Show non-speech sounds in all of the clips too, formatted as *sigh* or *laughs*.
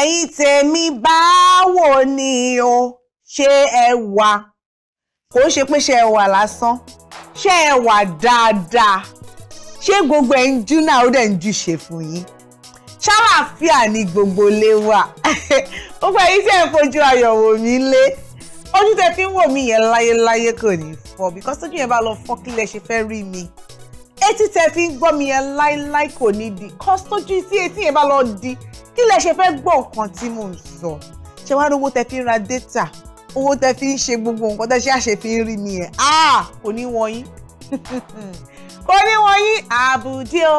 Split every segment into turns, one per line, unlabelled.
ẹ̀yin tèmi báwo ni o ṣé ẹ wà kò ṣe pé ṣé ẹ wà lásán ṣé ẹ wà dáadáa ṣé gbogbo ẹ̀ ń jú náà ó dẹ̀ ń jú ṣe fún yín ṣàlàáfíà ni gbogbo lé wà *laughs* gbogbo ẹ̀yin tẹ̀ ń fojú ayọ̀ wò mí lé ojú tẹ fi ń wò mí yẹn láyéláyé kò ní fọ́ bíkọ́sí ojú yẹn bá lọ fọ́ kílẹ̀ ṣe fẹ́ rí mi etí tẹ fi ń gbọ́ mi yẹn láíláí kò ní di kọ́sítọ́jú tí etí yẹn bá lọ di kí lẹ ṣe fẹ́ gbọ́ nǹkan tí mò ń sọ ṣé wàá rówó tẹ fi ń ra data owó tẹ fi ń ṣe gbogbo nǹkan tẹ ṣe àṣefi ń rí mi yẹn ah kò ní wọ̀nyí *laughs* kò ní wọ̀nyí àbùdí o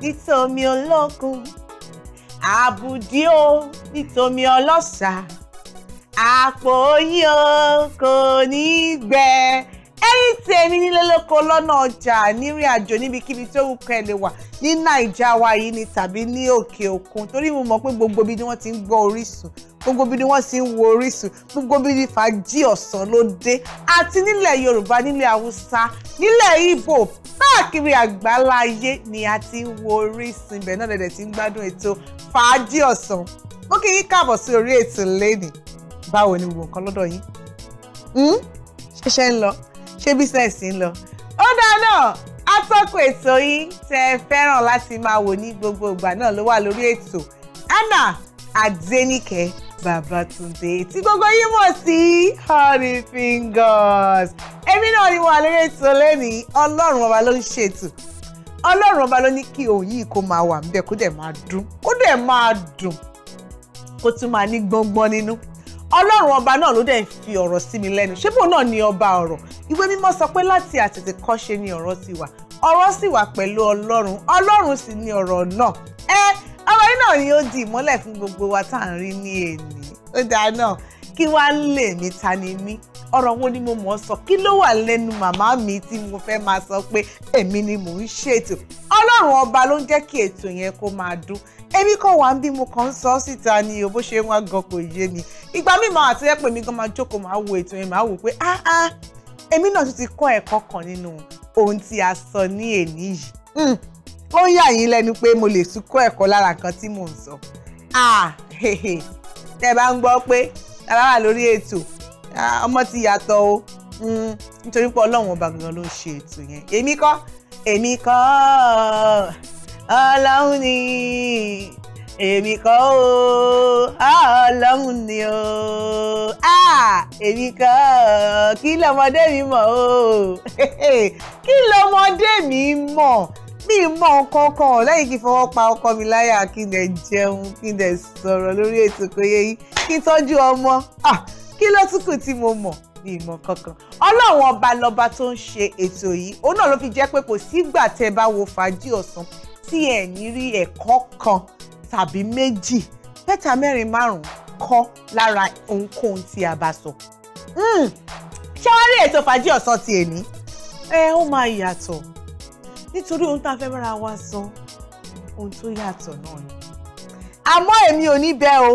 nítorí olókun àbùdí o nítorí ọlọ́sà àpò yín o kò ní gbẹ ẹ̀yin tèmi nílé lóko lọ́nà ọjà nírìn àjò níbikíbi tó wù kẹ́ lè wà ní nàìjà wa yìí ni tàbí ní òkè òkun torí mo mọ̀ pé gbogbo ibi ni wọ́n ti ń gbọ́ Orísun gbogbo ibi ni wọ́n ti ń wo Orísun gbogbo ibi ni fàájì ọ̀sán ló dé àti nílẹ̀ Yorùbá nílẹ̀ Haúsá nílẹ̀ Ìgbò káàkiri àgbáláyé ni a ti ń wo Orísun ibẹ̀ náà dẹ̀dẹ̀ ti ń gbádùn ètò fàájì ọ̀sán mo kí yín káàbọ̀ sí orí ètò lẹ́nìí báwo ni gbogbo nǹkan lọ́dọ̀ yín hmm? ṣiṣẹ́ ń lọ ṣé business ń lọ. ó dáa náà atọ́kùn ètò yín tẹ́ ẹ fẹ́ràn láti máa wò ní gbogbo ìgbà náà ló wà lórí ètò Anna Adéníkẹ́ Babátúndé tí gbogbo yín mọ̀ sí honey fingers èmi náà ni wà lórí ètò lẹ́nìí ọlọ́run ọba ló ń ṣètò ọlọ́run ọba ló ní kí òun yìí kó máa wà níbẹ̀ kó dẹ̀ máa dùn kó dẹ̀ máa dùn kó tún máa ní gbọ́ngbọ́n nínú ọlọ́run ọba náà ló dẹ̀ ń fi ọ̀rọ̀ sí mi lẹ́nu ṣé bóun náà ni ọba ọ̀rọ̀ ìwé mímọ́ sọ pé láti àtètèkọ́ṣe ni ọ̀rọ̀ ti wà ọ̀rọ̀ sì wà pẹ̀lú ọlọ́run ọlọ́run sì ni ọ̀rọ̀ náà ẹ ọ̀rọ̀ yìí náà ni ó di ìmọ́lẹ̀ fún gbogbo wa tá à ń rí ní èní ó dáa náà kí wàá lè mi ta ni mí ọ̀rọ̀ wo ni mo mọ̀ ọ́ sọ kí ló wà lẹ́nu màmá mi tí mo fẹ́ máa sọ pé èmi ni mò ń ṣètò ọlọ́run ọba ló ń jẹ́ kí ètò yẹn kó máa dún èmi kàn wá ń bí mo kàn ń sọ síta ni o bó ṣe wá gan kò yé mi ìgbà mi máa àti ẹ̀pẹ̀ mi gan máa jókòó máa wo ètò yẹn máa wò pé ah ah èmi náà tún ti kọ́ ẹ̀kọ́ kan nínú ohun tí a sọ ní èní yìí hmm, ó ń yà yín lẹ́nu pé mo lè tún kọ́ ẹ̀kọ́ lára nǹkan tí mò ń sọ ah tẹ bá ń gbọ́ pé tàbá wà lórí ètò ah, ọmọ ti yàtọ̀ o hmm, nítorí pé ọlọ́run ọba gangan ló ń ṣe ètò yẹn èmi kọ́ èmi kọ́ ọ́. Alauni ni èmi kọ́ o ọlọ́run ni o èmi kọ́ kí lọ́mọdé mi mọ̀ o *laughs* kí lọ́mọdé mi mọ̀ mi mọ̀ kankan lẹ́yìn kí fọwọ́ pa ọkọ mi láyà kí n dẹ̀ jẹun kí n dẹ̀ sọ̀rọ̀ lórí ètò kóyé yìí kí n tọ́jú ọmọ kí ló tún kù tí mo mọ̀ ní ìmọ̀ kankan ọlọ́run ọba lọba tó ń ṣe ètò yìí òun náà ló fi jẹ́ pé kò sígbà tẹ́ bá wo fàájì ọ̀sán tí ẹ̀ ní rí ẹ̀kọ́ kan tàbí méjì mẹ́ta mẹ́rin márùn-ún kọ́ lára ohunkóhun tí a bá sọ. Hmm. ṣé wàá rí ètò fàájì ọ̀sán ti èní? ẹ ó máa yàtọ̀ nítorí ohun tá a fẹ́ bára wa sọ ohun tó yàtọ̀ náà ni. àmọ́ èmi ò ní bẹ́ẹ̀ o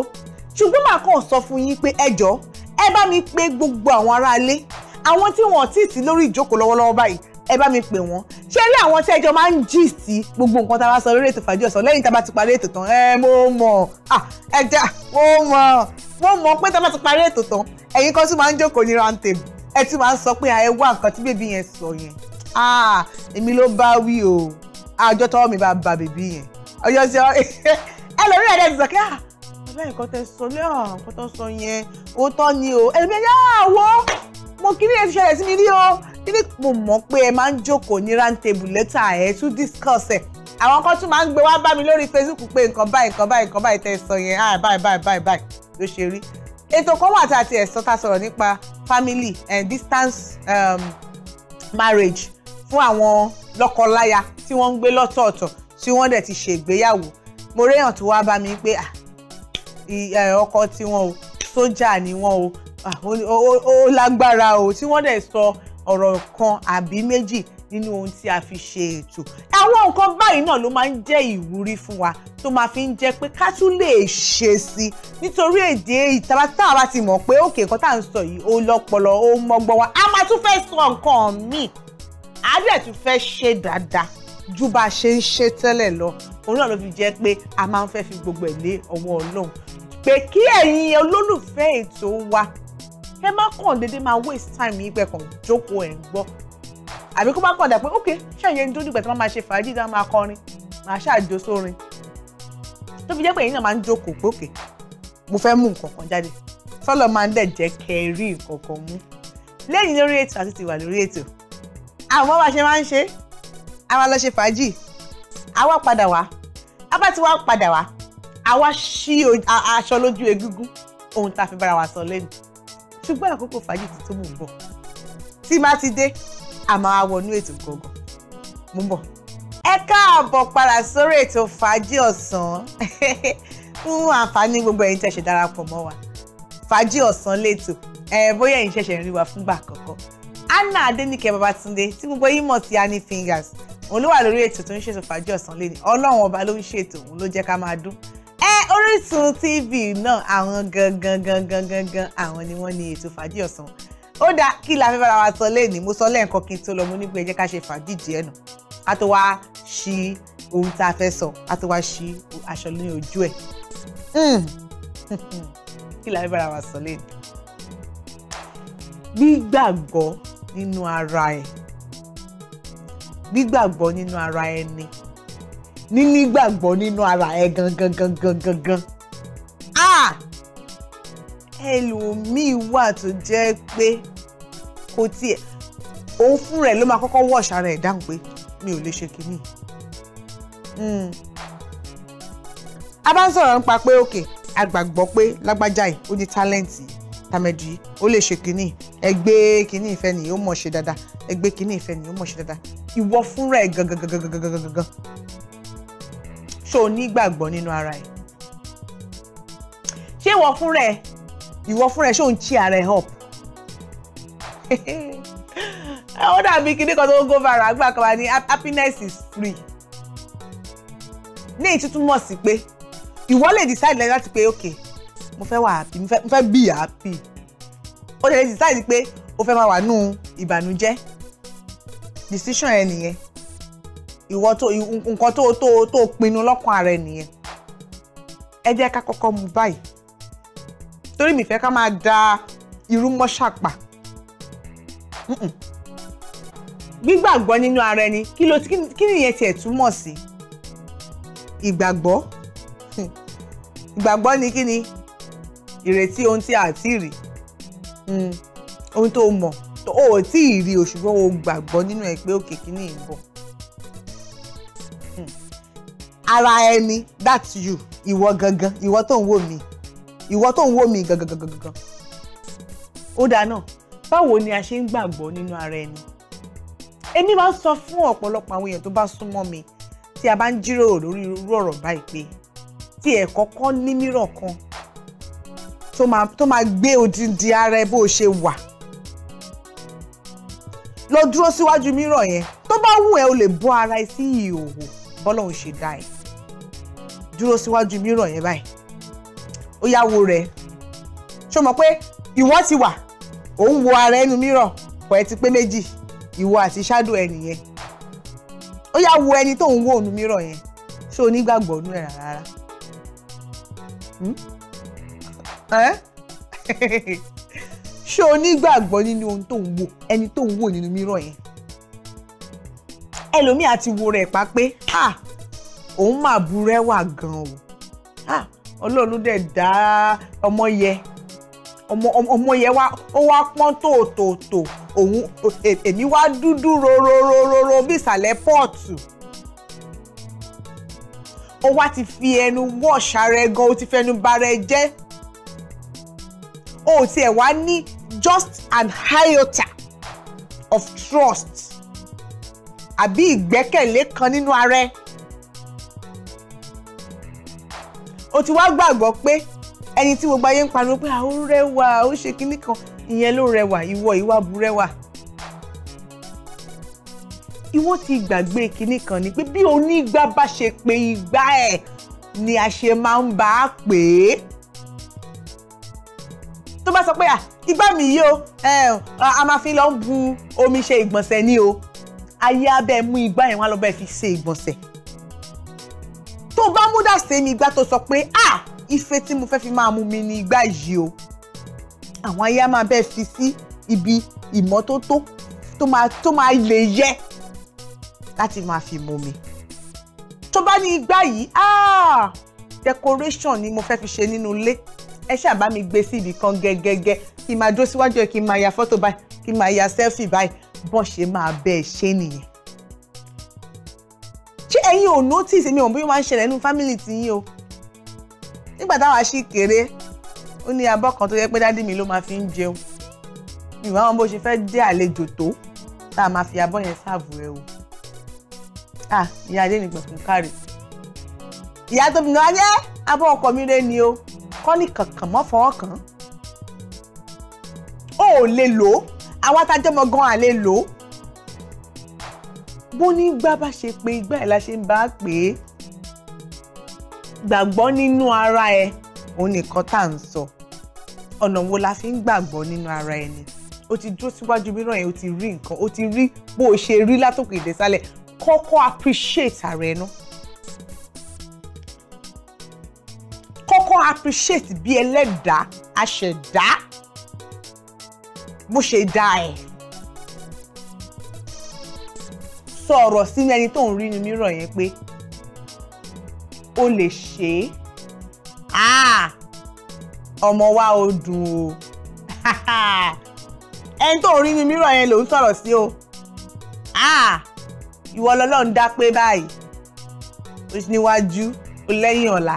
ṣùgbọ́n màá kàn sọ fún yín pé ẹ jọ̀ọ́ ẹ bá mi pè gbogbo àwọn aráalé àwọn tí wọn ò tí ì sí lórí ìjókòó lọ́wọ́lọ́wọ́ báyìí ẹ bá mi pè wọ́n ṣé ilé àwọn tí ẹjọ́ máa ń gist gbogbo nǹkan tá a bá sọ lórí ètò fàájì ọ̀sán lẹ́yìn tá a bá ti parí ètò tán ẹ mo mọ̀ ẹ já mo mọ̀ mo mọ̀ pé tá a bá ti parí ètò tán ẹ̀yin kan tún máa ń jókòó ní round table ẹ tún máa ń sọ pé ẹ wá nǹkan tí bèbí yẹn sọ yẹn èmi ló bá wí o àjọ tọwọ́ mi bá ba bèbí yẹn ọjọ́ sí ọ *laughs* ẹ lórí ẹ̀rẹ́ ti sọ kí bàbá nǹkan tẹ sọ lẹ́hàn mo kí ni ẹ ti ṣẹlẹ̀ sí mi rí o kíní mo mọ̀ pé ẹ máa ń jókòó ní round table later ẹ tún discuss ẹ àwọn kan tún máa ń gbé wá bá mi lórí Facebook pé nǹkan báyìí nǹkan báyìí nǹkan báyìí tẹ́ sọ yẹn ah báyìí báyìí báyìí báyìí ló ṣe rí ètò kan wà tá a ti ẹ̀ sọ tá a sọ̀rọ̀ nípa family and distance um, marriage fún àwọn lọ́kọláya tí wọ́n ń gbé lọ́tọ̀ọ̀tọ̀ tí wọ́n dẹ̀ ti ṣègbéyàwó mo réyàn tó wá bá mi pé ah, ọkọ tiwọn o sójà ni wọn o Ah, ó lágbára o tí wọ́n dẹ̀ sọ ọ̀rọ̀ kan àbí méjì nínú ohun tí a fi ṣe ètò àwọn nǹkan báyìí náà ló máa ń jẹ́ ìwúrí fún wa tó máa fi ń jẹ́ pé ká tún lè ṣe sí i nítorí èdè ìtara tá a bá ti mọ̀ pé òkè nǹkan tá à ń sọ yìí ó lọ́pọlọ ó mọ́gbọ́n wa a máa tún fẹ́ sọ nǹkan míì a dẹ̀ tún fẹ́ ṣe dáadáa ju bá a ṣe ń ṣe tẹ́lẹ̀ lọ òun náà ló fi jẹ́ pé a máa ń fẹ́ fi gbogbo ẹ̀ lé ọwọ́ Ọlọ́run pé kí ẹ̀yin olólùfẹ́ ètò wa ẹ má kàn déédéé máa waste time yìí pẹ̀ kàn jókòó ẹ̀ ń gbọ́ àbí kó bá kàn dà pé ok ṣẹ̀yẹ ń dúdú ìgbà tí wọ́n máa ṣe fàájì tí wọ́n máa kọrin máa ṣàjò sórin tó fi jẹ́ pé èyí náà máa ń jókòó gbókè mo fẹ́ mú nǹkan kan jáde tọ́lọ̀ máa ń dẹ̀ jẹ́ kẹrí nǹkan kan mú lẹ́yìn lórí ètò àti ti wà lórí ètò àwọn bá ṣe máa ń ṣe àwa lọ ṣe fàájì àwa padà wá àbá tí wàá padà wá àwa ṣí aṣọ lójú egúngún ohun tá a fi bára wa sọ lẹ́nu ṣùgbọ́n àkókò fàájì ti tó mò ń bọ̀ tí má ti dé a máa wọnú ètò gangan mò ń bọ̀. ẹ káàbọ̀ padà sórí ètò fàájì ọ̀sán *laughs* fún àǹfààní gbogbo ẹ̀yin tẹ̀sẹ̀ darapọ̀ mọ́ wa fàájì ọ̀sán lẹ́tọ̀ ẹ̀ bóyá ẹ̀yin ṣẹ̀ṣẹ̀ ń rí wa fúngbà àkọ́kọ́ Anna Adéníkẹ́ Babátúndé tí gbogbo yín mọ̀ sí Annie Fingers òun ló wà lórí ètò tó ń ṣètò fàájì ọ̀sán lẹ́ni ọlọ́run ọba ló ń ṣètò òun ló jẹ́ ká máa dún ẹ Orísun TV náà àwọn gangan gangan gangan àwọn ni wọ́n ní ètò fàájì ọ̀sán ó dáa kí la fẹ́ bára wa sọ lẹ́ẹ̀ni mo sọ lẹ́ẹ̀kan kí n tó lọ mo ní pé ẹ jẹ́ ká ṣe fàájì díẹ̀ nù a tó wá ṣí ohun tá a fẹ́ sọ a tó wá ṣí aṣọ ní ojú ẹ̀ hmm. *laughs* kí la fẹ́ bára wa sọ lẹ́ẹ̀ni gbígbàgbọ́ nínú ara ẹ̀ gbígbàgbọ́ nínú ara ẹni níní gbàgbọ́ nínú ara ẹ gangan gangan gangan ah ẹlòmíì wà tó jẹ́ pé kò tiẹ̀ òun fún rẹ̀ ló máa kọ́kọ́ wọ̀ṣ ara ẹ̀ dáhùn pé mi ò lè ṣe kínní. a bá ń sọ̀rọ̀ nípa pé òkè agbàgbọ́ pé lágbájá yìí ó ní tálẹ́ǹtì tàmẹ̀dì ó lè ṣe kínní ẹgbẹ́ kínní ìfẹ́ nìyí ó mọ̀ ṣe dáadáa ẹgbẹ́ kínní ìfẹ́ nìyí ó mọ̀ ṣe dáadáa ìwọ fúnra ẹ̀ gangan gangan gangan gangan ṣó o nígbàgbọ́ nínú ara ẹ̀ ṣé ìwọ fúnra ẹ ìwọ fúnra ẹ ṣó o ń chi ara ẹ up *laughs* ó dàbí kíní kan tó ń go viral àgbà kan wà ní happiness is free ní ìtútù mọ̀ sí pé ìwọ lè decide lẹ́yìn láti pé ok mo fẹ́ wà happy mo fẹ́ be happy ó lè decide pé o fẹ́ máa wà nù ìbànújẹ́ decision ẹ nìyẹn ìwọ tó nǹkan tó tó tó pinnu lọ́kàn ara ẹ nìyẹn ẹ jẹ́ ká kọ́kọ́ mu báyìí torí mi fẹ́ ká máa da irú mọ́ṣàpà gbígbàgbọ́ nínú ara ẹni kí ló kí nìyẹn tiẹ̀ túmọ̀ sí ìgbàgbọ́ hmm. ìgbàgbọ́ ni kí ni ìrètí ohun tí a ti rí hmm. ohun tó mọ̀ o ò tí ì rí o ṣùgbọ́n o gbàgbọ́ nínú ẹ pé òkè kí ni ìbọn ara ẹni that's you ìwọ gangan ìwọ tó ń wò mí ìwọ tó ń wò mí gangan gangan gangan. ó dáa náà báwo ni a ṣe ń gbàgbọ́ nínú ara ẹni èmi máa ń sọ fún ọ̀pọ̀lọpọ̀ àwọn èèyàn tó bá súnmọ́ mi tí a bá ń jíròrò lórí irú ọ̀rọ̀ báyìí pé tí ẹ̀ kọ́kọ́ ní mìíràn kan tó máa gbé odindi ara ẹ bó o ṣe wà lọ dúró síwájú mìíràn yẹn tó bá wù ẹ́ o lè bọ́ ara ẹ sí ìhòòhò bọ́lọ́hún ṣe dá ẹ dúró síwájú mìíràn yẹn báyìí ó yá wo rẹ̀ ṣó mọ̀ pé ìwọ ti wà òun wo ara ẹnu mìíràn kọ̀ ẹ́ ti pé méjì ìwọ àti ṣáàdù ẹ nìyẹn ó yá wo ẹni tó ń wo òun mìíràn yẹn ṣó o nígbàgbọ́ ọdún rẹ̀ rárá ṣé o nígbàgbọ́ hmm? *laughs* nínú ohun tó ń wò ẹni tó ń wò nínú mìíràn yẹn ẹlòmíì àti wo rẹ̀ pa pé ah òun mà burẹ́wà gan o ọlọ́run dẹ̀ dá ọmọ yẹ ọmọ yẹ wá ó wá pọ́n tòótòótò òun èmi wá dúdú rororororo bí ìsàlẹ̀ pọ́ọ̀tù ó wá ti fi ẹnu wọ́ọ̀ṣà rẹ gan ó ti fẹnu ba rẹ jẹ́ ó tiẹ̀ wá ní just an iota of trust àbí ìgbẹ́kẹ̀lé kan nínú ara ẹ. o ti wá gbàgbọ́ pé ẹni tí gbogbo ayé ń pariwo pé àwọn rẹwà ó ṣe kinní kan ìyẹn ló rẹwà ìwọ ìwà burẹwà ìwọ ti gbàgbé kinní kan ni pé bí onígbà bá ṣe pé igbá ẹ̀ ni a ṣe máa ń bá a pè é tó bá sọ pé igbá mi yìí o a máa fi lọ bu omi ṣe ìgbọ̀nsẹ̀ ni o ayé abẹ́ mú igbá yẹn wá lọ fi ṣe ìgbọ̀nsẹ̀ tó bá mú dà sí mi ìgbà tó sọ pé ah ife tí mo fẹ́ fi máa mu mi ni ìgbà yìí o àwọn ayé máa bẹ́ẹ̀ fi sí ibi ìmọ́tótó tó máa tó máa lè yẹ láti máa fi mu mi tó bá ní ìgbà yìí ah decoration ni mo fẹ́ fi ṣe nínú ilé ẹ ṣáà bá mi gbé sí ibì kan gẹ́gẹ́gẹ́ kí n máa dó síwájú ẹ kí n máa ya fọ́tò báyìí kí n máa ya selfie báyìí bọ́n ṣe máa bẹ́ẹ̀ ṣe nìyẹn ṣé ẹ̀yin ò notice èmi ò bí wọ́n máa nínú family ti yín o nígbà táwa ṣì kéré ó ní abọ́ kan tó yẹ pé dádì mi ló máa fi ń jẹun ìwà wọn bó ṣe fẹ́ dé àlejò tó tá a máa fi abọ́ yẹn sáàbù rẹ o ah ìyá adé nìkan kò kárì ìyá tó bìnrin wáyé abọ́ ọkọ mi rẹ ni o kọ́ ní kankan mọ́ fọwọ́ kàn ó lè lò ó àwọn atajọ́mọ gan-an à lè lò ó bó ní gbá bá ṣe pé igbá ẹ̀ la ṣe ń bá a pè é gbàgbọ́ nínú ara ẹ òun nìkan tá à ń sọ ọ̀nà wo la fi ń gbàgbọ́ nínú ara ẹni o ti dúró síwájú mìíràn yẹn o ti rí nǹkan o ti rí bó o ṣe rí látòkè ìdẹ́sálẹ̀ kọ́kọ́ appreciate ara ẹ náà kọ́kọ́ appreciate bí ẹlẹ́dàá aṣẹ̀dá bó ṣe dá ẹ̀. sọ ọ̀rọ̀ sínú ẹni tó ń rí ni mírọ̀ yẹn pé o lè ṣe é ah! ọmọ wa ò dùn o *laughs* ẹni tó ń rí ni mírọ̀ yẹn ló ń sọ̀rọ̀ sí o ah! ìwọ lọ́lọ́run dá pé báyìí o sì níwájú o lẹ́yìn ọ̀la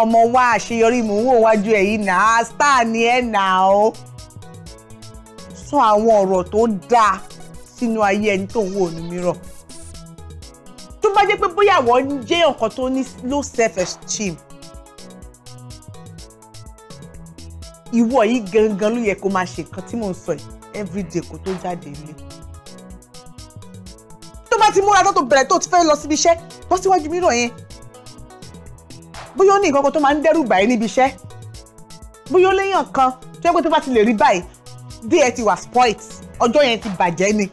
ọmọ wa àṣeyọrí mò ń wò wájú ẹ̀ yìí náà star ni ẹ̀ náà o sọ àwọn ọ̀rọ̀ tó dáa sínú ayé ẹni tó ń wò ní mìíràn tó bá jẹ́ pé bóyá àwọn jẹ́ nǹkan tó ní low self esteem ìwọ yìí gangan ló yẹ kó máa ṣe nǹkan tí mò ń sọ yìí everyday kó tó jáde ilé tó bá ti múra tó tó bẹ̀rẹ̀ tó ti fẹ́ lọ síbi iṣẹ́ bọ́ síwájú mìíràn yẹn bóyá ó ní nǹkan kan tó máa ń dẹ́rù báyìí níbi iṣẹ́ bóyá ó léyàn kan tó yẹ pé tó bá ti lè rí báyìí díẹ̀ ti wà spoilt ọjọ́ yẹn ti bàjẹ́ ni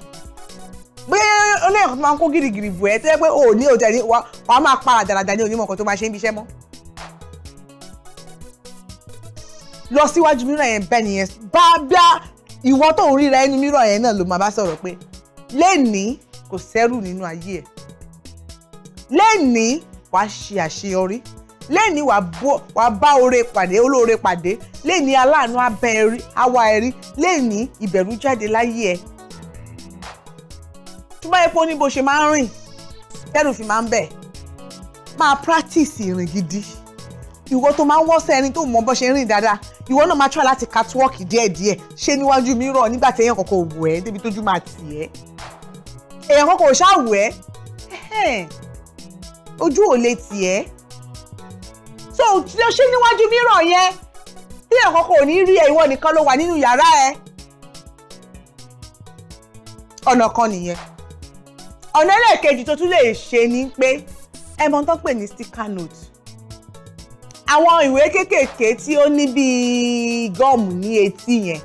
pé olóyè kan tó máa ń kó gìrìgìrì bù ẹ́ tó yẹ pé o ní òjò ẹni wàá máa para dàràdà ní onímọ̀ kan tó máa ṣe ń bíṣẹ́ mọ́. lọ síwájú mìíràn yẹn bẹ́ẹ̀ nìyẹn bá bá ìwọ tó ń ríra ẹni mìíràn yẹn náà ló máa bá sọ̀rọ̀ pé lẹ́nìí kò sẹ́rù nínú ayé ẹ̀ lẹ́nìí wàá ṣe àṣeyọrí lẹ́ni wàá bá oore pàdé olóore pàdé lẹ́ni aláàánú abẹ́ ẹ̀rí àwa ẹ̀rí lẹ́ni ìbẹ̀rù jáde láyé ẹ̀ tó bá yẹ pé ó ní bó ṣe máa ń rìn tẹ́rù fi máa ń bẹ̀ máa practice ìrìn gidi ìwọ tó máa ń wọ́sẹ̀ ẹni tó mọ bó ṣe ń rìn dáadáa ìwọ náà máa try láti catwalk díẹ̀díẹ̀ ṣé níwájú mi rọ̀ nígbà tí èèyàn kọ̀ọ̀kan wù ẹ́ débi tójú máa tì ẹ́ èèyàn kọ̀ọ̀kan ṣáà wù ẹ́ ojú ò lè tì ẹ́ so ṣé níwájú mi rọ̀ yẹn tí èèyàn kọ̀ọ̀kan ò ní rí ẹ ìwọ nìkan ló wà nínú yàrá ẹ ọ̀nà kan nìyẹn ọ̀nà ẹlẹ́ẹ̀kejì tó tún lè ṣe ni pé ẹ mọ̀ tán pè ní sticker note àwọn ìwé kéékèèké tí ó ní bíi gọ́ọ̀mù ní etí yẹn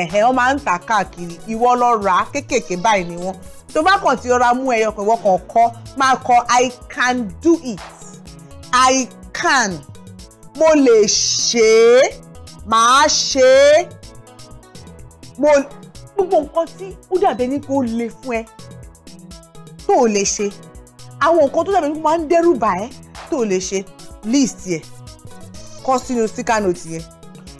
ẹ̀hẹ́ wọ́n máa ń tà káàkiri ìwọ lọ rà á kéékèèké báyìí ni wọ́n tó bá kàn ti rọra mú ẹyọ pẹ̀wọ́ kan kọ́ máa kọ I can do it I can mo lè ṣe é màá ṣe é mo gbogbo nǹkan tí ó dàbí ẹni kó le fún ẹ tó o lè ṣe àwọn nǹkan tó dàbí máa ń dẹ́rù bà ẹ́ tó o lè ṣe list yẹ kọ sínú sticker note yẹn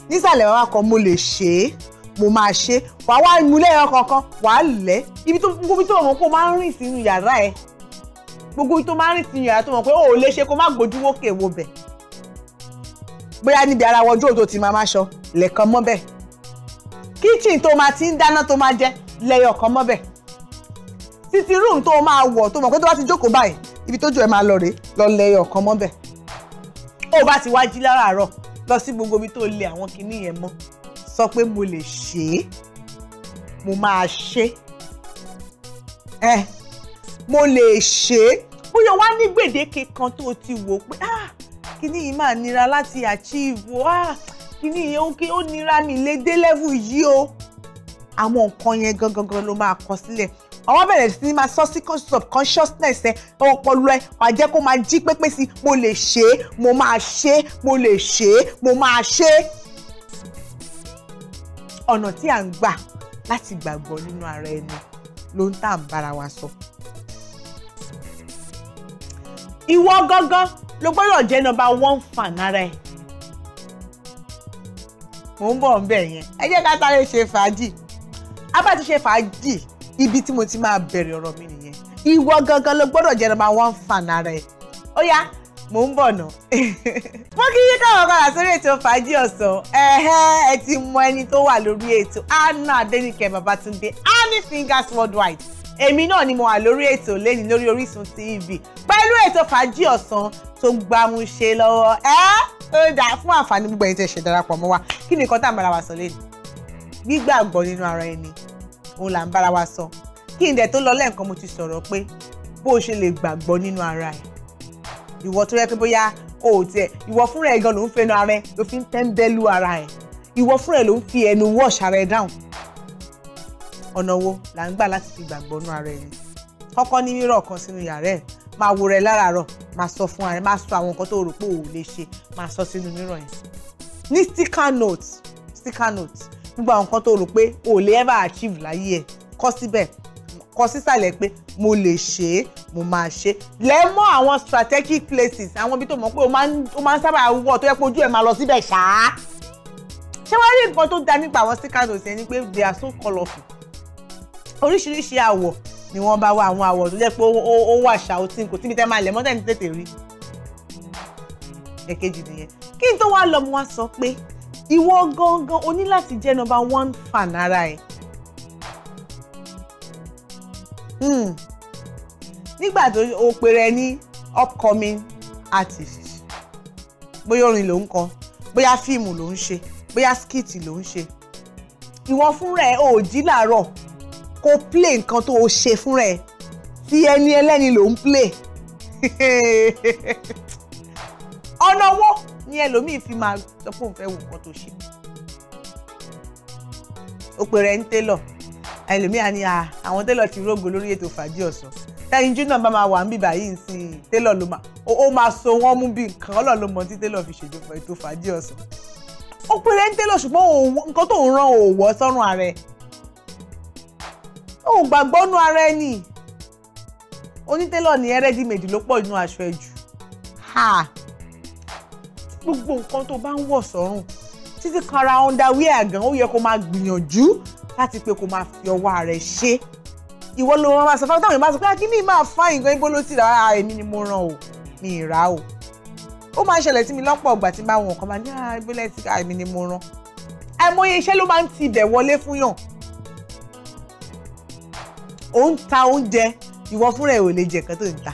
nísàlẹ̀ wàá kọ mo lè ṣe é mo máa ṣe wà wá mú lẹ́yìn kankan wà á lẹ̀ ibi tó gbogbo tó mọ̀ pé o máa ń rìn sínú yàrá ẹ̀ gbogbo tó máa ń rìn sínú yàrá tó mọ̀ pé o ò lè ṣe kó má gbójú wókè wo bẹ̀ bóyá níbi ara wọjú òdo ti máa máa ṣọ lẹ́ẹ̀kan mọ́ bẹ́ẹ̀ kíchìn tó máa ti ń dáná tó máa jẹ lẹ́yìn ọ̀kan mọ́ bẹ́ẹ̀ títí room tó máa wọ̀ tó mọ̀ pé tó bá ti jókòó báyìí ibi tójú ẹ̀ máa lọ rèé lọ lẹ ọ̀kan mọ́ bẹ̀. ó bá ti wá jí láràárọ̀ lọ sí gbogbo ibi tó lè àwọn kinní yẹn mọ́ sọ pé mo lè ṣe é mo máa ṣe é ẹ mo lè ṣe é bóyá wá ní gbèdéke kan tó ti wò pé ah kinní yìí máa nira láti achieve o ah kinní yìí ó nira mi lè dé level yìí o àwọn nǹkan yẹn gangan ló máa kọ sílẹ̀ àwọn bẹ̀rẹ̀ sí ní máa sọ sí subconsciousness ẹ ọpọlọ ẹ wàá jẹ́ kó máa jí pépé sí mo lè ṣe é mo máa ṣe é mo lè ṣe é mo máa ṣe é. ọ̀nà tí à ń gbà láti gbàgbọ́ nínú ara ẹni ló ń tà ń bára wa sọ. ìwọ gángan ló gbọ́dọ̀ jẹ́ nọ́mbà one fan ara ẹ̀ mò ń bọ̀ ń bẹ̀ yẹn ẹ jẹ́ ká sáré ṣe fàájì a bá ti ṣe fàájì ibi tí mo ti máa bẹ̀rẹ̀ ọ̀rọ̀ mi nìyẹn ìwọ gangan ló gbọ́dọ̀ jẹ́ number one fan ara ẹ̀ ó yá mò ń bọ̀ nà. *laughs* mo kí yín káwọn padà sórí ètò fàájì ọ̀sán ẹ ti mọ ẹni tó wà lórí ètò anna adenike babatunde honey fingers worldwide èmi náà ni mo wà lórí ètò lẹ́ni lórí Orísun TV pẹ̀lú ètò fàájì ọ̀sán tó gbámúṣe lọ́wọ́ ẹ ó dà fún àǹfààní gbogbo ẹni tẹ́ ṣe darapọ̀ mọ́ wa kí ni nǹkan tá a mara wa sọ lẹ́nu gbígbàgbọ́ nínú ara ẹni òun là ń bára wa sọ kí n dẹ̀ tó lọ lẹ́ẹ̀kan mo ti sọ̀rọ̀ pé bó o ṣe lè gbàgbọ́ nínú ara ẹ̀ ìwọ tó yẹ pé bóyá o ò tiẹ̀ ìwọ fúnra ẹ̀ gan ló ń fẹnu ara ẹ̀ ló fi ń tẹ́ńbẹ́lú ara ẹ̀ ìwọ fúnra ẹ̀ ló ń fi ẹnu wọ́ọ̀ṣ ara dáhùn ọ̀nà wo là ń gbà láti fi gbàgbọ́ nínú ara ẹ̀ ni kọ́kọ́ ní mírọ̀ kan sínú yàrá ẹ̀ máa wo rẹ̀ láràárọ̀ máa sọ fún ara ẹ̀ máa sọ àwọn nǹkan tó rò pé o ò lè ṣe máa sọ sínú mírọ̀ yẹn ní sticker note sticker note nígbà nǹkan tó rò pé ò lè ever achieve láyé ẹ̀ kọ́ síbẹ̀ kọ sísàlẹ̀ pé mo lè ṣe é mo máa ṣe é lẹ́mọ́ àwọn strategic places àwọn ibi tó mọ̀ pé o máa ń sábà wọ̀ tó yẹ pé ojú ẹ̀ máa lọ síbẹ̀ ṣáá ṣé wọ́n rí nǹkan tó da nípa àwọn stickers yẹn ni pé they are so colourful oríṣiríṣi àwọ̀ ni wọ́n bá wá àwọn àwọ̀ tó jẹ́ pé ó wà ṣàwùtí kò tíbi tẹ́ máa lẹ̀ mọ́tẹ́ ní tètè rí èkejì nìyẹn kí n tó wá lọ mo wá sọ pé ìwọ gangan o ní láti jẹ́ number one fan ara ẹ̀. Hmm. nígbà tó o pè ní upcoming artist bóyá orin ló ń kọ bóyá fíìmù ló ń ṣe bóyá skit ló ń ṣe ìwọ fúnra ẹ ò jí kó play nǹkan tó o ṣe fúnra ẹ tí ẹni ẹlẹ́ni ló ń play *laughs* ọ̀nà wo ní ẹlòmíì fi máa sọ pé òun fẹ́ wo nǹkan tó ṣe ó pè rẹ̀ ń télọ̀ ẹlòmíà ni ah, àwọn télọ̀ ti rógo lórí ètò fàájì ọ̀sán tẹ́yinjú náà bá máa wà ń bíbà yìí sí télọ̀ ló máa ó máa so wọ́n mú bí nǹkan ọlọ́ ló mọ tí télọ̀ fi ṣètò ètò fàájì ọ̀sán ó pè rẹ̀ ń télọ̀ ṣùgbọ́n nǹkan tó ń rán òwò sọ́run ara ẹ̀ òun gbàgbọ́ nu ara ẹ̀ nì onítélọ̀ ní ẹ́rẹ́dìmẹ̀dì ló pọ̀ nínú aṣọ ẹ̀ jù gbogbo nǹkan tó bá ń wọ̀ sọ́rùn títí kan ra underwear gan ó yẹ kó máa gbìyànjú láti pé kó máa fi ọwọ́ rẹ̀ ṣe ìwọ ló máa sọ fáwọn táwọn èèyàn bá sọ pé akíní ah, máa fá nǹkan ibo ló ti rà á ah, èmi ni mo ràn o mi ì rà o ó máa ń ṣẹlẹ̀ sí mi lọ́pọ̀ ọgbà tí báwọn nǹkan máa ní ah ibo lẹ́ ti rà èmi ni mo ràn àìmọye iṣẹ́ ló máa ń ti ibẹ̀ wọlé fún yàn ó ń ta oúnjẹ ìwọ fúnra ẹ̀ ò lè jẹ nǹkan tó ń ta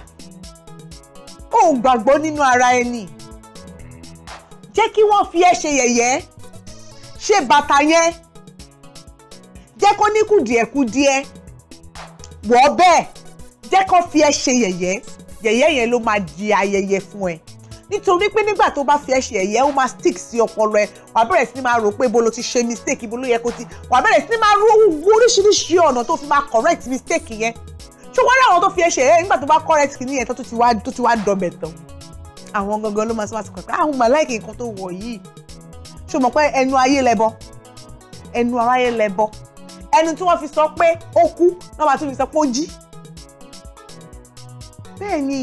ó gbàgbọ́ nínú ara ẹni jẹ́ kí wọ́n fi ẹ́ ṣe yẹ̀yẹ́ ṣe bàtà yẹn jẹ́ kó ní kùdìẹ̀kùdìẹ wọ́ bẹ́ẹ̀ jẹ́ kó fi ẹ́ ṣe yẹ̀yẹ́ yẹ̀yẹ́ yẹn ló máa di ayẹyẹ fún ẹ nítorí pé nígbà tó bá fi ẹ́ ṣe yẹ̀yẹ́ ó máa stick sí ọpọlọ ẹ wà á bẹ̀rẹ̀ sí ni máa rò pé ibo ló ti ṣe mistake ibo ló yẹ kó ti wà á bẹ̀rẹ̀ sí ni máa rú oríṣiríṣi ọ̀nà tó fi máa correct mistake yẹn ṣùgbọ́n àwọn tó fi ẹ́ ṣe yẹ̀yẹ́ nígbà tó bá correct kìíní yẹn tó ti wá dọ̀bẹ̀ tán àwọn gangan ló máa sọ àsìkò pé àwọn màláìkì nǹkan tó wọ̀ yìí ṣó mọ̀ pé ẹnu ayé lẹ́bọ ẹnu aráyé lẹ́bọ ẹnu tí wọ́n fi sọ pé ó kú náà máa tún fi sọ pé ó jí bẹ́ẹ̀ ni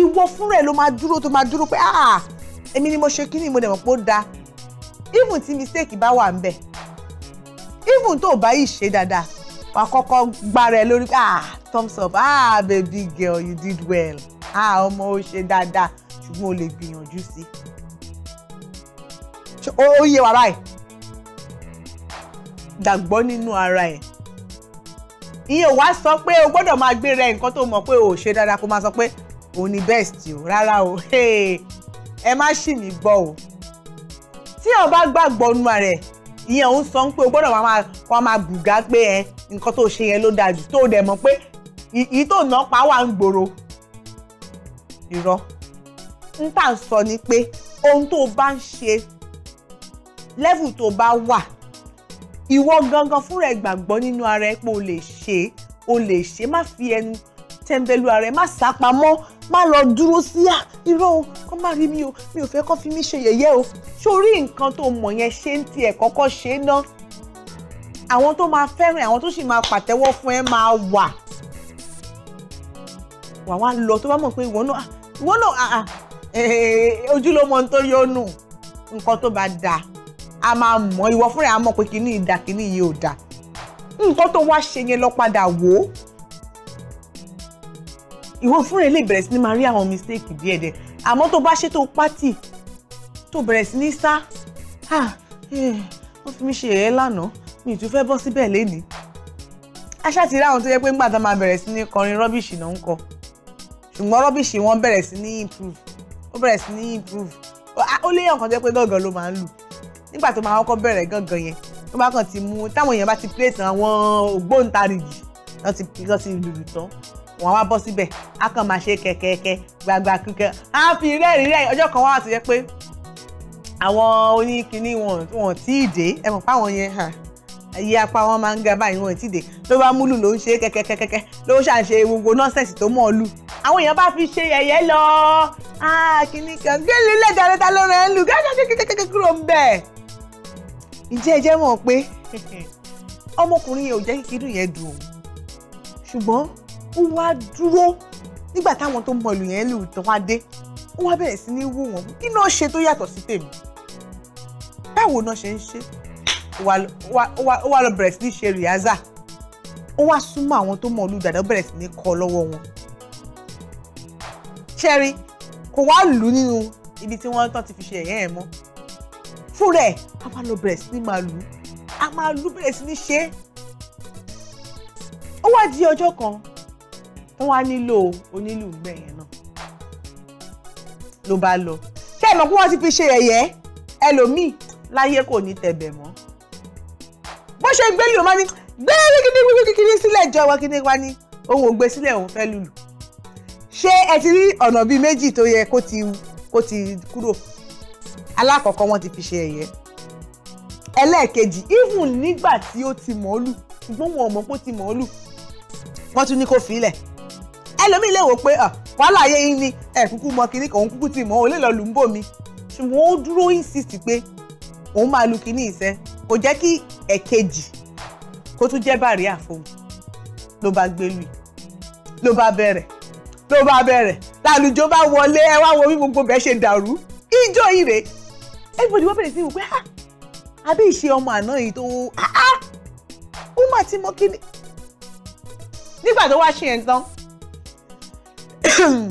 ìwọ fúnra ẹ̀ ló máa dúró tó máa dúró pé ah èmi ni mo ṣe kíní mo dẹ̀ mọ̀ pé ó dáa even tí mistake bá wà ń bẹ̀ even tó o bá yìí ṣe dáadáa wàá kọ́kọ́ gbára ẹ lórí ah thumbs up ah baby girl you did well a ọmọ ò ṣe dáadáa ṣùgbọ́n o lè gbìyànjú sí i ó yẹ wàrà ẹ̀ gbàgbọ́ nínú ara ẹ̀ ìyẹn wá sọ pé o gbọ́dọ̀ máa gbéra ẹ̀ nǹkan tó mọ̀ pé o ò ṣe dáadáa kó máa sọ pé òun ni best o rárá o ẹ má ṣì mí gbọ́ o tí o bá gbàgbọ́ nínú ara ẹ̀ ìyẹn òun sọ pé o gbọ́dọ̀ máa kó máa bùgá pé ẹ nǹkan tó ṣe yẹn ló dáa jù tó dẹ̀ mọ̀ pé ìyí tó ná pa wà ń gbòòrò irọ́ n tà ń sọ ni pé ohun tó bá ń ṣe level tó o bá wà ìwọ gangan fúnra ẹ gbàgbọ́ nínú ara ẹ pé o lè ṣe o lè ṣe má fi ẹnu tẹ́ńbẹ́lú ara ẹ má sápamọ́ má lọ dúró sí à ah, irọ́ o kọ́ má rí mi o mi ò fẹ́ kọ́ fi mí ṣe yẹ̀yẹ́ o sórí nǹkan tó mọ̀ yẹn ṣé ń tiẹ̀ kọ́kọ́ ṣe é náà àwọn tó máa fẹ́ràn àwọn tó sì máa pàtẹ́wọ́ fún ẹ máa wà wà wá lọ tó bá mọ̀ pé ìwọ náà ah, wọ́n náà ah, ah, eh, ojúlówó ohun tó yọnu nǹkan tó bá dáa a máa mọ̀ ìwọ fúnra àmọ́ pé kíní ìdá kíní yìí ò dáa nǹkan tó wá ṣe yẹn lọ padà wò ó ìwọ fúnra ẹ lè bẹ̀rẹ̀ sí ni máa rí àwọn mistake díẹ̀ díẹ̀ àmọ́ tó bá ṣètò pátì tó bẹ̀rẹ̀ sí ní sá eh, wọ́n fi mí ṣe ẹ̀ lánàá mi ìtú fẹ́ bọ́ síbẹ̀ lénìí aṣáàtì rí àwọn tó yẹ pé ńgbà tá máa bẹ̀rẹ̀ sí ní kọrin rọ́bìṣì náà ń kọ. Tomorrow ṣùgbọ́n rọ́bìṣì wọn bẹ̀rẹ̀ sí ní improve ó bẹ̀rẹ̀ sí ní improve ó léyàn kan jẹ́ pé gángan ló máa ń lù nígbà tó máa kọ́kọ́ bẹ̀rẹ̀ gángan yẹn tó bá kàn ti mú táwọn èèyàn bá ti play tán àwọn ògbóǹtarìgì lọ́ ti lọ́ ti lùlù tán wọ́n wá bọ́ síbẹ̀ á kàn máa ṣe kẹ̀kẹ́kẹ́ gbagba kíkẹ́ á fi rẹ́rìn rẹ́rìn ọjọ́ kan wá tó jẹ́ pé àwọn oníkiní wọn wọn tí ì dé ẹ mọ̀ páwọn yẹn hàn ayé apá wọn máa ń ga báyìí wọn ti dé ló bá múlù ló ń ṣe kẹkẹkẹkẹ ló ń ṣàṣe gbogbo nọ́ọ̀sẹ̀sì tó mọ̀ ọ́ lù àwọn èèyàn bá fi ṣe yẹ̀yẹ́ lọ kíní kan gẹ́lẹ́ lẹ́gàá lẹ́ta ló rẹ̀ ń lù kẹ́kẹ́kẹ́kẹ́ kúrò ń bẹ̀. ìjẹ́ ìjẹ́ mọ̀ pé *laughs* ọmọkùnrin yẹn ò jẹ́ kíkí dùn yẹn dùn ṣùgbọ́n ó wá dúró nígbà táwọn tó mọ ìlù yẹn lù tán wá dé ó wá bẹ̀rẹ̀ sí ní wò wọ́n kí ó wá lọ bẹ̀rẹ̀ sí ní ṣe rìhásà ó wá súnmọ́ àwọn tó mọ̀ olú dàdá ó bẹ̀rẹ̀ sí ní kọ́ lọ́wọ́ wọn. ṣẹ́rí kò wá lù ú nínú ibi tí wọ́n tán ti fi ṣe ẹ̀yẹ́ ẹ̀ mọ́ fún rẹ̀ a máa lọ bẹ̀rẹ̀ sí ní máa lù ú a máa lù ú bẹ̀rẹ̀ sí ní ṣe é. ó wá di ọjọ́ kan wọ́n á nílò onílù gbẹ̀yẹn náà ló bá lọ ṣé ìmọ̀ pé wọ́n ti fi ṣe ẹ̀yẹ́ ẹlòmíì láyé kò ní tẹ̀bẹ̀ mọ́ bó ṣe gbé lùlù máa ní gbé kíkiri wíwí kíkiri sílẹ̀ jọ̀wọ́ kíní wá ní òun ò gbé sílẹ̀ òun fẹ́ lùlù ṣé ẹ ti rí ọ̀nà bíi méjì tó yẹ kó ti kó ti kúrò alákọ̀ọ́kọ́ wọ́n ti fi ṣe ẹ̀yẹ ẹlẹ́ẹ̀kejì even nígbà tí ó ti mọ̀ ọ́ lù ṣùgbọ́n wọn ò mọ̀ pé ó ti mọ̀ ọ́ lù wọ́n tún ní kó fi ilẹ̀ ẹlòmíì lè wò pé wàhálà ayé yín ni ẹ kúkú mọ kinní kan òun kúkú ti mọ̀ ọ́ lè lọ lù ń bò mí ṣùgbọ́n ó dúró insist pé òun máa lu kinní ìṣẹ́ kò jẹ́ kí ẹ̀kejì kó tún jẹ́ bàríà fóun ló bá gbé lù ló bá bẹ̀rẹ̀ ló bá bẹ̀rẹ̀ lálùjọ bá wọlé ẹ wá wo bí gbogbo bẹ́ẹ̀ ṣe dàrú ìjọ ire everybody wọ́n bẹ̀rẹ̀ sí wò pé ah àbí ìṣe ọmọ àná yìí tó ah ah ó mà ti mọ kíni nígbà tó wá ṣe yẹn tán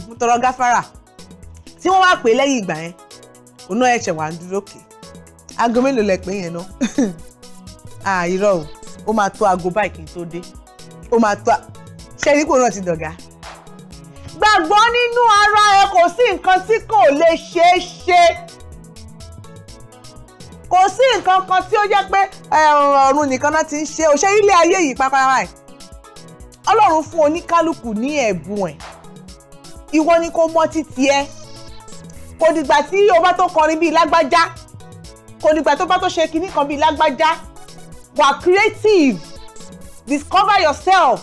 *coughs* mo tọrọ gáfárà tí wọ́n wá pè lẹ́yìn ìgbà yẹn òun náà ẹ̀ṣẹ̀ wà ń dúró kè aago mélòó lẹ pé yẹn náà *laughs* àìrọ̀ o ó máa tó aago báyìí kí n tó dé ó máa tó ṣe ní kò náà ti dọ̀gá. gbàgbọ́ nínú ara ẹ kò sí nǹkan tí kò lè ṣeé ṣe kò sí nǹkan kan tí ó jẹ́ pé ọ̀run nìkan náà ti ń ṣe òṣèré ilé ayé yìí pápára ẹ̀ ọlọ́run fún oníkálukú ní ẹ̀bùn ẹ̀ ìwọ ni kò mọ títí ẹ kò dìgbà tí o bá tó kọrin bíi lágbájá kò dìgbà tó bá tó ṣe kinní kan bíi lágbájá wà creative discover yourself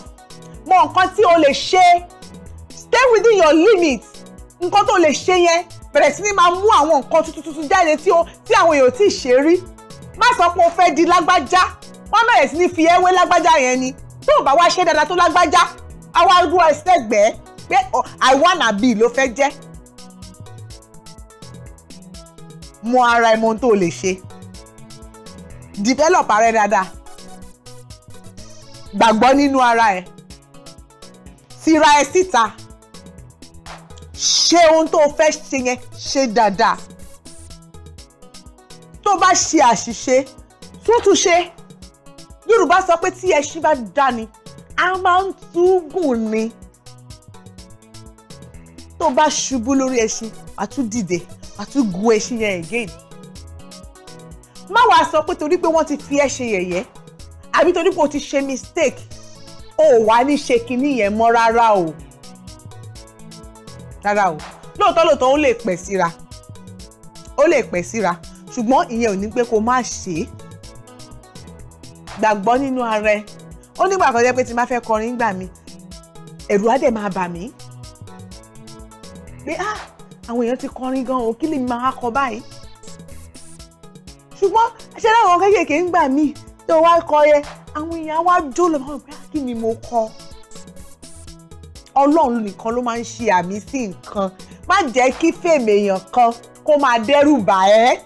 mọ nǹkan tí o lè ṣe stay within your limit nǹkan tó lè ṣe yẹn bẹ̀rẹ̀ sí ni máa mú àwọn nǹkan tuntun tuntun jáde tí àwọn èèyàn tí ì ṣe rí má sọ pé o fẹ́ di lágbájá wọ́n bẹ̀rẹ̀ sí ni fi ẹ́wé lágbájá yẹn ni tó o bá wá ṣe dáadáa tó lágbájá àwa arúgbó ẹsẹ̀gbẹ́ẹ́ pé àìwánàbí oh, ló fẹ́ jẹ́ mọ ara ẹ mọ ohun tó o lè ṣe develop ara ẹ dáadáa gbàgbọ́ nínú ara ẹ tira ẹ síta ṣe ohun tó o fẹ́ ṣe yẹn ṣe dáadáa tó bá ṣe àṣìṣe tún tún ṣe Yorùbá sọ pé tí ẹṣin bá dá ni a máa ń tún gùn ni tó bá ṣubú lórí ẹṣin àtúndìde àtúngùn ẹṣin yẹn again má wàá sọ pé torí pé wọ́n ti fi ẹ́ ṣe yẹ̀yẹ́ àbí torí pé o ti ṣe mistake o wà ní ṣe kinní yẹn mọ́ rárá o rárá o lóòótọ́ lóòótọ́ ó lè pẹ́ síra ó lè pẹ́ síra ṣùgbọ́n ìyẹn ò ní pé kó má ṣe é gbàgbọ́ nínú ara ẹ ó nígbà kan jẹ́ pé tí má fẹ́ kọrin gbà mí ẹ̀rù á dẹ̀ máa bà mí pé ah àwọn èèyàn ti kọrin gan o kí lè máa kọ báyìí ṣùgbọ́n ṣe láwọn kéékèèké ń gbà mí tó wá kọ yẹ àwọn èèyàn wá jó lọ pé ah, kí ni mo kọ ọlọ́run nìkan ló máa ń ṣe àmì sí nǹkan má jẹ́ kí fèmí èèyàn kan kó máa dẹ́rù bà ẹ́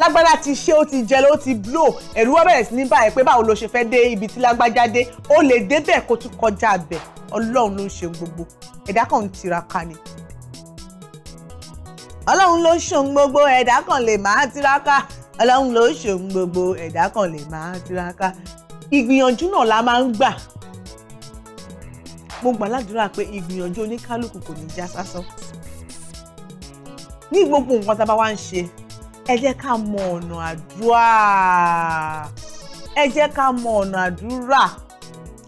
lágbájá ti ṣe ó ti jẹ ló ti blow ẹ̀rù wá bẹ̀rẹ̀ sí ní báyìí pé báwo ló ṣe fẹ́ dé ibi tí lágbájá dé ó lè débẹ̀ kó tún kọjá bẹ̀ ọlọ́run ló ń ṣe gbogbo ẹ̀dá kan ń tiraka ni ọlọ́run ló ṣòun gbogbo ẹ̀dá kan lè máa tiraka ọlọ́run ló ṣòun gbogbo ẹ̀dá kan lè máa tiraka ìgbìyànjú náà la máa ń gbà mo gbàládùra pé ìgbìyànjú oníkálukú kò ní já sásán ní gbogbo nǹkan tá a bá wá ń ṣe ẹ jẹ́ ká mọ ọ̀nà àdúrà ẹ jẹ́ ká mọ ọ̀nà àdúrà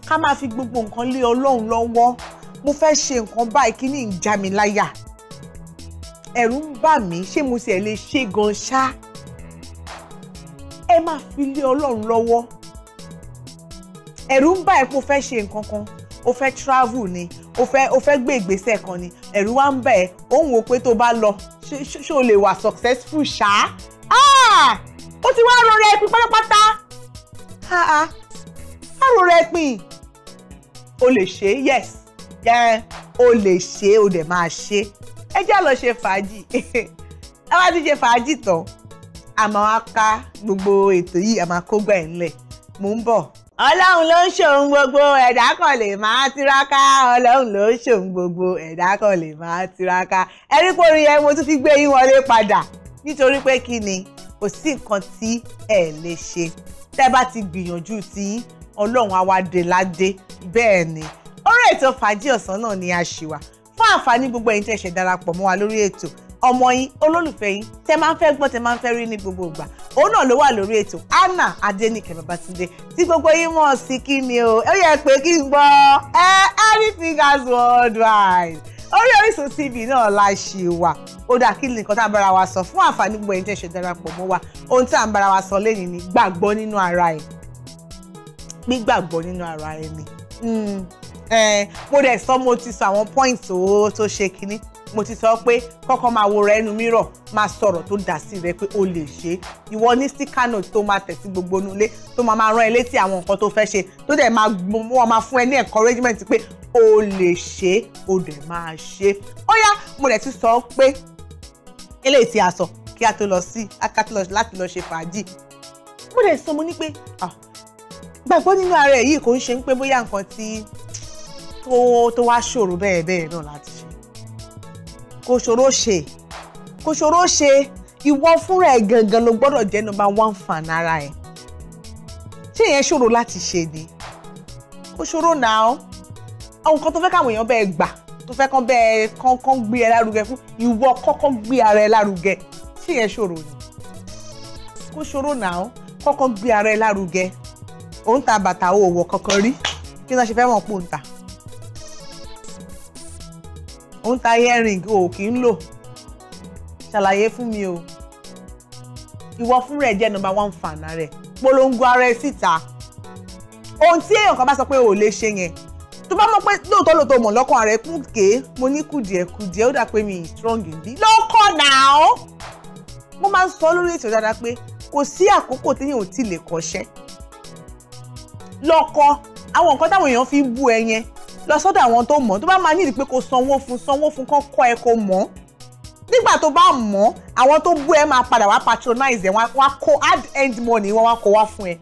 ká máa fi gbogbo nǹkan lé ọlọ́run lọ́wọ́ mo fẹ́ ṣe nǹkan báyìí kí ni ń já mi láyà ẹ̀rù ń bà mí ṣé mo sì ẹ̀ lè ṣe gan ṣá ẹ máa fi lé ọlọ́run lọ́wọ́ ẹ̀rù ń bà ẹ́ pé o fẹ́ ṣe nǹkan kan o fẹ́ travel ni o fẹ́ o fẹ́ gbé ìgbésẹ̀ kan ni ẹ̀rù wá ń bà ẹ́ ó ń wò pé tó bá lọ ṣé o lè wà successful ṣá ó ah! ti wá rọrẹ ẹpin pátápátá á rọrẹ ẹpin o lè ṣe yes o lè ṣe o dẹ̀ máa ṣe ẹ jẹ́ lọ ṣe fàájì *laughs* ẹ wá ti ṣe fàájì tán àmọ́ wá ká gbogbo ètò yìí àmọ́ kó gbà ẹ̀ ńlẹ̀ mò ń bọ̀. ọlọ́run ló ń ṣòun gbogbo ẹ̀dá kan lè máa tiraka ọlọ́run ló ń ṣòun gbogbo ẹ̀dá kan lè máa tiraka ẹ̀rí porin yẹn mo tún fi gbé yín wọlé padà nítorí pé kí ni kò sí nǹkan tí ẹ lè ṣe tẹ́ bá ti gbìyànjú tí ọlọ́run á wá dé ládé bẹ́ẹ̀ ni ọ̀rọ̀ ètò fàájì ọ̀sán náà ni a ṣì wà fún àǹfààní gbogbo ẹ̀yin tẹ́ ṣe darapọ̀ mọ́ wa lórí ètò ọmọ yín olólùfẹ́ yín tẹ́ máa ń fẹ́ gbọ́ tẹ́ máa ń fẹ́ rí ní gbogbo ìgbà òun náà ló wà lórí ètò Anna Adéníkẹ́ Babátúndé tí gbogbo yín mọ̀ sí kí ni o ó yẹ pé kí n gbọ́ ẹ everything has worldwide orí Orísun TV náà la ṣì wà ó dà kí nìkan tá a bára wa sọ fún àǹfààní gbogbo ẹ̀yin tẹ́ ṣe darapọ̀ mọ́ wa ohun tí à ń bára wa sọ lẹ́yìn ni gbàgbọ́ nínú ara ẹ̀ gbígbàgbọ́ nínú ara ẹni hmm mo dẹ̀ sọ mo ti sọ àwọn point tó ṣe kínní mo ti sọ pé kọ́kọ́ máa wo rẹ ẹnu mìíràn máa sọ̀rọ̀ tó dà sí rẹ pé o lè ṣe ìwọ ní síkánò tó máa tẹ̀sí gbogbo nulẹ̀ tó máa máa rán ẹ létí àwọn nǹkan tó fẹ́ ṣe tó dẹ̀ máa wọ́n máa fún ẹ ní encouragement pé o lè ṣe o dẹ̀ máa ṣe ó yá mo dẹ̀ ti sọ pé eléyìí ti àsọ kí a tó lọ sí ká tó lọ láti lọ ṣe fàájì mo dẹ̀ sọ mo ní pé gbàgbọ́ nínú ara ẹ̀ yìí kò ń ṣe ń pé bóyá nǹkan tí tó tó wá ṣòro bẹ́ẹ̀ bẹ́ẹ̀ náà láti ṣe kò ṣòro ṣe kò ṣòro ṣe ìwọ fúnra ẹ̀ gangan ló gbọ́dọ̀ jẹ́ nọ́mbà one fan ara ẹ̀ ṣé ìyẹn ṣòro láti ṣe ni kò ṣòro náà àwọn nǹkan tó fẹ́ káwọn èèyàn bẹ́ẹ̀ gbà tó fẹ́ kán bẹ́ẹ̀ kán gbé ẹ lárugẹ fún ìwọ kọ́kọ́ gbé ara ẹ lárugẹ ṣé ìyẹn ṣòro ni kò ṣòro náà kọ́kọ́ gbé ara ẹ lárugẹ òun ta bàtà òwò kankan rí kí wọ́n ṣe fẹ́ mọ̀ ó ń ta earring o kì í lò ṣàlàyé fún mi o ìwọ fúnra ẹ jẹ́ number one fan rẹ̀ polongo ara ẹ síta ohun tí èèyàn kan bá sọ pé o ò lè ṣe yẹn tó bá mọ̀ pé lóòótọ́ lóòótọ́ mọ̀ lọ́kàn rẹ̀ kún ké mo ní kùdìẹ̀ kùdìẹ̀ ó dà pé mi strong bí lọ́kàn náà mo máa ń sọ lórí ètò dáadáa pé kò sí àkókò téèyàn ò tí lè kọ́ṣẹ́ lọ́kọ́ àwọn nǹkan táwọn èèyàn fi bú ẹ yẹn lọ sọ́dọ̀ àwọn tó mọ̀ tó bá máa nídìí pé kó sanwó fún sanwó fún kán kọ́ ẹ kó mọ̀ nígbà tó bá mọ̀ àwọn tó bú ẹ máa padà wá patronize ẹ wọn á kó add end money wọn wá kó wá fún ẹ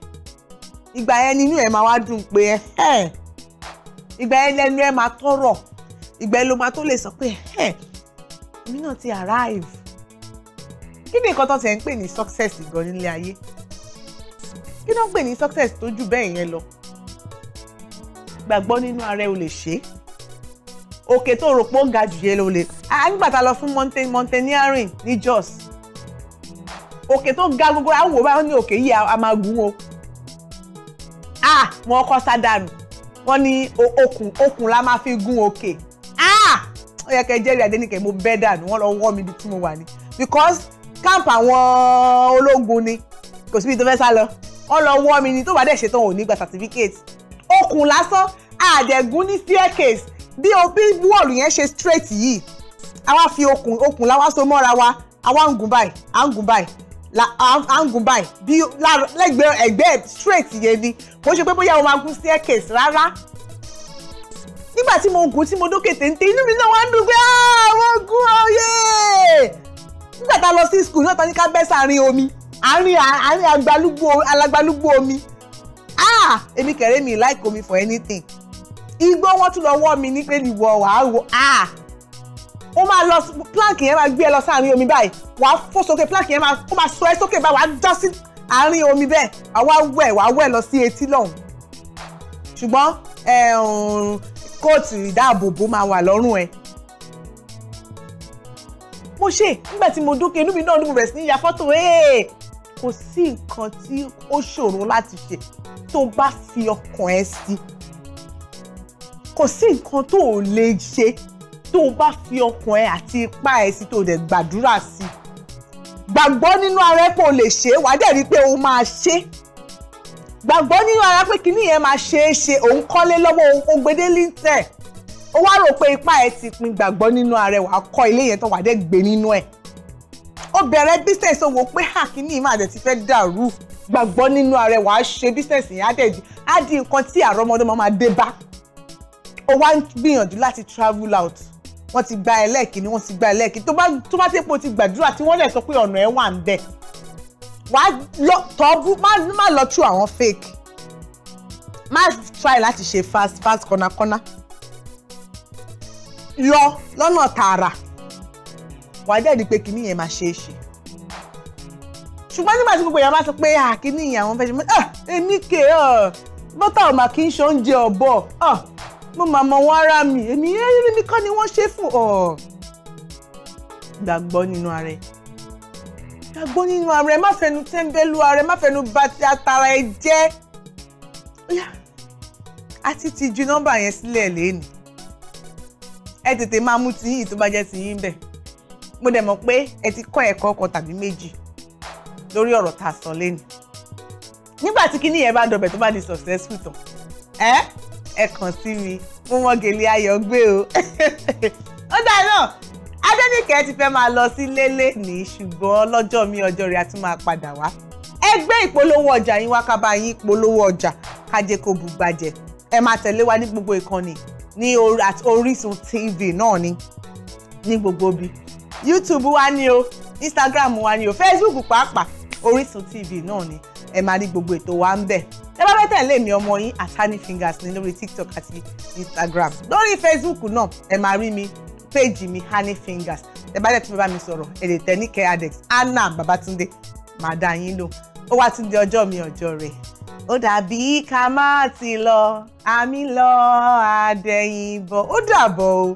ìgbà yẹn nínú ẹ máa wá dùn pé ẹ ìgbà yẹn lẹ́nu ẹ máa tọrọ ìgbà yẹn ló máa tó lè sọ pé ẹ èmi náà ti arrive kí ni nǹkan tó ti ẹ̀ ń pè ní success gan nílé ayé kí ló ń pè ní success tó jù bẹ́ẹ̀ yẹn lọ gbàgbọ́ nínú ara ẹ o lè ṣe é òkè tó rò pé ó ga jù yẹn ló lè à nígbà tá lọ fún mountaineering ní Jos òkè tó ga gbogbo àwọn wò báyìí ó ní òkè yìí a máa gùn o ah wọn kọ sádànù wọn ní okùn okùn la máa fi gùn òkè ah ó yẹ kẹ jẹ́rìí Adéníkẹ́ mo bẹ́ dànù wọ́n lọ wọ́ mi ibi tí mo wà ní because camp àwọn ológun ni kò síbi tó fẹ́ sá lọ wọ́n lọ wọ́ mi ni tó bá dẹ̀ ṣetán ò ní gba certificate okùn lásán àdẹ̀gún ní staircase bí wọ́ọ̀lù yẹn ṣe straight yìí àwa fi okùn okùn láwa so mọ́ra wa àwa ń gùn báyìí à ń gùn báyìí à ń gùn báyìí bí lẹ́gbẹ̀ẹ́ ẹ̀gbẹ́ straight yẹn ni mo ṣe pé bóyá mo máa gùn staircase rárá nígbà tí mo gùn tí mo dókè téńté inú mi náà wá ń dùn pé àwọn gùn ọyẹ nígbà tá a lọ sí skul náà tán ní ká bẹ́ sàárín omi àárín àárín àgbálúgbó alágbálúgbó omi ah èmi kẹ̀rẹ́ mi like omi for anything igbó wọn tún lọ wọ́ mi ní pé ìwọ wàá wo ah ó máa lọ plank yẹn máa gbé ẹ lọ sáàrin omi báyìí wàá fò sókè plank yẹn máa ó máa sọ ẹ sókè báyìí wàá já sí àárín omi bẹ́ẹ̀ àwa wẹ̀ wàá wẹ̀ lọ sí etí lọ́hùn ṣùgbọ́n kóòtù ìdáàbòbò máa wà lọ́rùn ẹ mo ṣe nígbà tí mo dókè inú mi náà ló bẹ̀rẹ̀ sí ní ya fọ́tò kò sí nǹkan tí ó ṣòro láti ṣe tó bá fi ọkàn ẹ sí kò sí nǹkan tó ò lè ṣe tó o bá fi ọkàn ẹ àti ipá ẹ sí tó o dẹ̀ gbàdúrà sí gbàgbọ́ nínú ara ẹ pé o lè ṣe é wàá dẹ̀ rí i pé o máa ṣe é gbàgbọ́ nínú ara pé kinní yẹn máa ṣe é ṣe òun kọ́lé lọ́wọ́ òun gbedé líńtẹ̀ ó wá rò pé ipá ẹ ti pin gbàgbọ́ nínú ara ẹ wàá kọ́ ilé yẹn tán wàá dẹ̀ gbé nínú ẹ̀ ó bẹ̀rẹ̀ business owó pé àkíní ìmọ̀ àdẹ̀ ti fẹ́ dàrú gbàgbọ́ nínú ààrẹ wàá ṣe business yẹn àdẹ̀jì á di nǹkan tí àrọ́mọdé máa dé bá ó wá ń gbìyànjú láti travel out wọ́n ti gba ẹlẹ́ẹ̀kíní wọ́n ti gba ẹlẹ́ẹ̀kíní tó bá tó bá tẹ́pọ̀ ti gbàdúrà tí wọ́n lè sọ pé ọ̀nà ẹ̀ wà ń bẹ̀ wàá lọ tọ́bú má lọ tú àwọn fake má try láti ṣe fast fast kọ́nàkọ́nà lọ lọ́nà tààrà wàá dẹ̀ rí pé kinní yẹn máa ṣe é ṣe ṣùgbọ́n nígbà tí gbogbo èèyàn bá sọ pé kinní yẹn àwọn fẹ́ ṣe mọ́ èmi kè bọ́tà ọ̀mà kì í ṣe oúnjẹ ọ̀bọ mo mà mọ wọn ara mi èmi yẹn rí mi kọ́ ni wọ́n ṣe fún ọ gbàgbọ́ nínú ara ẹ̀ gbàgbọ́ nínú ara ẹ̀ má fẹnu tẹ́ńbẹ́lú ara ẹ̀ má fẹnu bà ti atara ẹ̀ jẹ́ àti ti ju nọ́mbà yẹn sílẹ̀ lẹ́nu ẹ tètè máa mú tiyín tó bá jẹ́ tiyín bẹ́ẹ̀ mo dẹ̀ mọ̀ pé ẹ ti kọ́ ẹ̀kọ́ kan tàbí méjì lórí ọ̀rọ̀ tá a sọ lẹ́nu nígbà tí kinní yẹn bá dọ̀bẹ̀ tó bá di successful tán ẹ ẹ kàn sí mi mo mọ gèlè ayọ̀ gbé o *laughs* ó dáa náà Adéníkẹ́ ti fẹ́ máa lọ sí lélẹ̀ ní ṣùgbọ́n lọ́jọ́ mi ọjọ́ rẹ̀ a tún máa padà wá ẹ gbé ìpolówó ọjà yín wá ká bá yín polówó ọjà kájé kó bùgbàjẹ́ ẹ máa tẹ̀lé wa ní gbogbo ìkànnì ní Orísun TV náà ni ní gbogbo bíi YouTube wa ni o Instagram wa ni o Facebook pàápàá Orísun TV náà ni ẹ máa rí gbogbo ètò wa ń bẹ̀ ẹ bá fẹ́ tẹ̀lé mi ọmọ yín atani fingers ní lórí TikTok àti Instagram lórí Facebook náà ẹ máa rí mi péjì mi honey fingers ẹ bá dẹ̀ tí mo bá mi sọ̀rọ̀ ẹ lè care adex Anna Babatunde màá dá yín lò ó wá tún di ọjọ́ mi ọjọ́ rẹ̀ ó dàbí ká má ti lọ àmì lọ àdẹ̀yìnbọ̀ ó dàbọ̀ o.